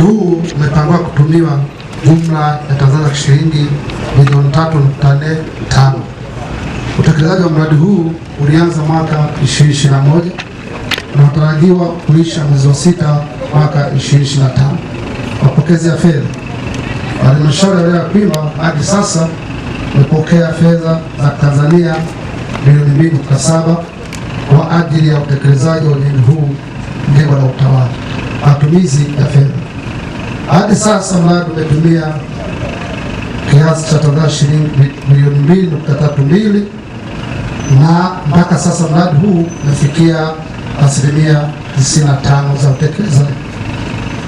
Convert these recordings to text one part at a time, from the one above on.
Mradi huu umepangwa kutumiwa jumla ya Tanzania shilingi milioni tatu nukta nne tano. Utekelezaji wa mradi huu ulianza mwaka 2021 na utarajiwa kuisha mwezi wa sita mwaka 2025. Mapokezi ya fedha, halmashauri ya wilaya ya Kwimba hadi sasa imepokea fedha za Tanzania milioni 2.7 kwa ajili ya utekelezaji wa ujenzi huu, jengo la utawala, matumizi ya fedha hadi sasa mradi umetumia kiasi cha Tanzania shilingi milioni mbili nukta tatu mbili na mpaka sasa mradi huu umefikia asilimia 95 za utekelezaji.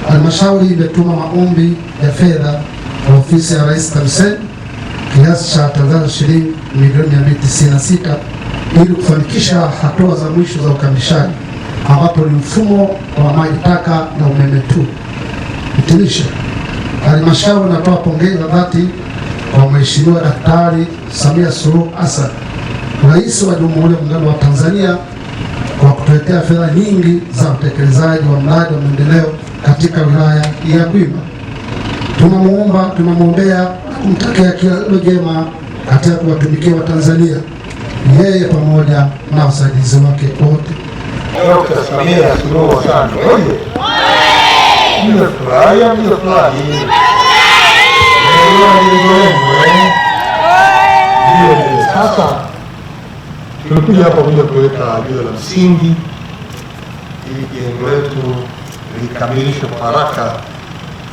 Halmashauri imetuma maombi ya fedha kwa ofisi ya Rais TAMISEMI kiasi cha Tanzania shilingi milioni 296 ili kufanikisha hatua za mwisho za ukamilishaji ambapo ni mfumo wa maji taka na umeme tu. Hitimisho, halmashauri inatoa pongezi za dhati kwa Mheshimiwa Daktari Samia Suluhu Hassan, Rais wa Jamhuri ya Muungano wa Tanzania kwa kutuletea fedha nyingi za utekelezaji wa mradi wa maendeleo katika wilaya ya kwimba Tunamuomba, tunamwombea kumtakia kila jema katika kuwatumikia Watanzania, yeye pamoja na wasaidizi wake wote. Dkt. Samia Suluhu Hassan Mmefurahi sasa tumekuja hapa kuja kuweka jiwe la msingi ili jengo letu likamilishwe kwa haraka.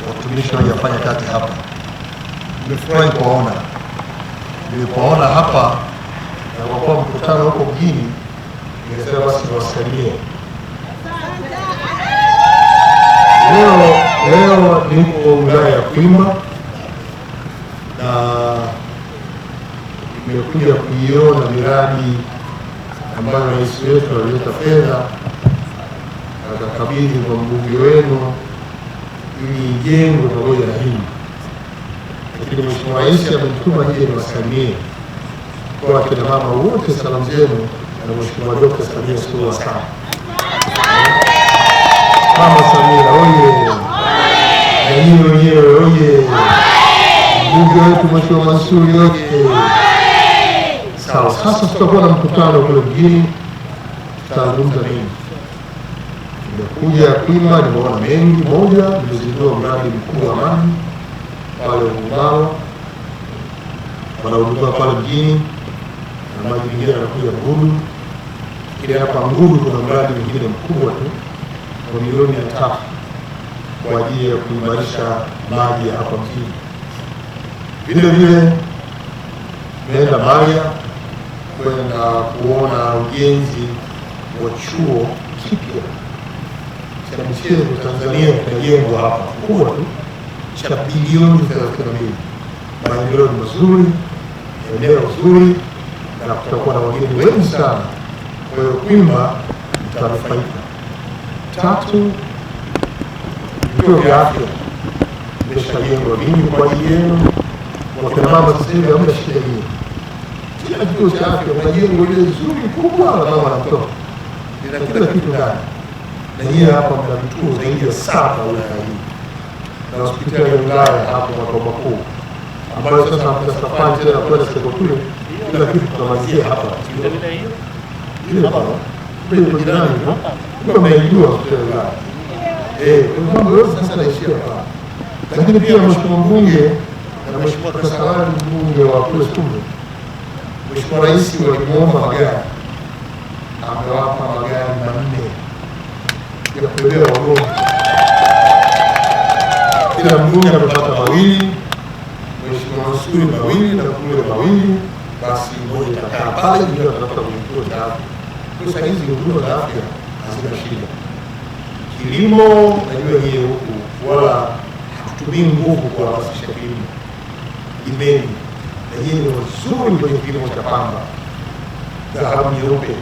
Watumishi wajafanya kazi hapa, nimefurahi kuwaona. Nilipoona hapa na kwa kuwa mkutano huko mjini, nikasema basi niwasalimie. Leo leo niko wilaya ya Kwimba na nimekuja kuiona miradi ambayo rais wetu alileta fedha akakabidhi kwa mbunge wenu ili ijengwe pamoja na hili, lakini Mheshimiwa Rais amenituma nije niwasalimie kwa kina mama wote, salamu zenu na Mheshimiwa Dkt. Samia Suluhu Hassan. Mama Samia oye! Jamii wenyewe oye! Mbunge wetu Mheshimiwa masuri oye! Sawa, sasa tutakuwa na mkutano kule mjini, tutazungumza mengi. Nimekuja Kwimba, nimeona mengi. Moja, nimezindua mradi mkuu wa maji pale Urubawa wanauduma pale mjini na maji mengine yanakuja Ngudu. Kile hapa Ngudu kuna mradi mwingine mkubwa tu kwa milioni ya tatu kwa ajili ya kuimarisha maji ya hapa mjini. Vile vile tunaenda Maria kwenda kuona ujenzi wa chuo kipya cha michezo Tanzania kinajengwa hapa kubwa tu cha bilioni 32. Maendeleo ni mazuri, eneo zuri, na kutakuwa na wageni wengi sana, kwa hiyo Kwimba itanufaika. Tatu, vituo vya afya vimeshajengwa vingi kwa ajili yenu. Wakina mama sasa hivi hamna shida nyingi, kila kituo cha afya kuna jengo lile zuri kubwa la mama na mtoto, lina kila kitu ndani, na nyie hapa mna vituo zaidi ya saba wilaya hii na hospitali ya wilaya hapo makao makuu ambayo sasa hamna safari tena kwenda Sekokule, kila kitu tunamalizia hapa hapa predominando, come meglio quella. E quando lo sta da schiava, da che abbiamo con un munghe, abbiamo spostato salare un munghe a questo munghe. Lo sporaissimo di nuovo magari, aveva magari manne, che prendeva un munghe. Kila mmoja amepata mawili, mheshimiwa Masuri mawili na kule mawili, basi mmoja itakaa pale, mwingine atatafuta mwenyekiti Pesa hizi hizi huduma za afya hazina shida. Kilimo najua nyie huku wala hatutumii nguvu kuhamasisha kilimo, imeni na nyie ni wazuri kwenye kilimo cha pamba, dhahabu nyeupe.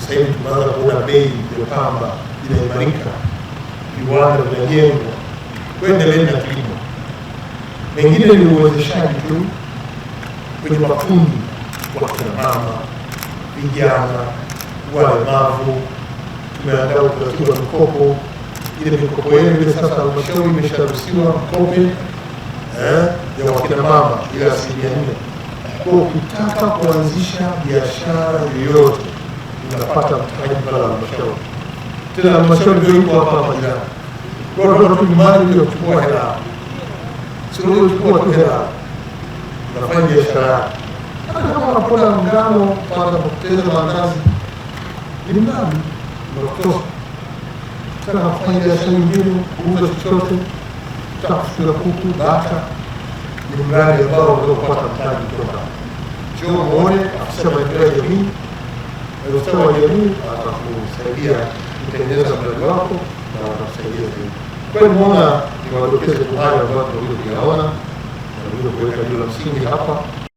Sasa hivi tunaanza kuona bei ya pamba inaimarika, viwanda vinajengwa, kuendelea na kilimo. Mengine ni uwezeshaji tu kwenye makundi, kina mama, vijana walemavu. Tumeandaa utaratibu wa mikopo, ile mikopo yenu sasa halmashauri imesharuhusiwa mkope eh, ya wakina mama ile asilimia nne. Kwa ukitaka kuanzisha biashara yoyote unapata mtaji pale halmashauri, tena halmashauri ndio iko hapa hapa jirani, mali uliochukua hela, sio uliochukua tu hela, unafanya biashara hata kama kwanza kupoteza ili mradi ndio kutoka taka kufanya biashara nyingine, kuuza chochote, taka kufuga kuku, bata, ni mradi ambao unaopata mtaji kutoka chuo. Muone afisa maendeleo ya jamii ustawi wa jamii atakusaidia kutengeneza mradi wako na watakusaidia zaidi. Kwa hiyo muona niwadokeze kwa hayo ambayo tulikuyaona na tulikuweka juu la msingi hapa.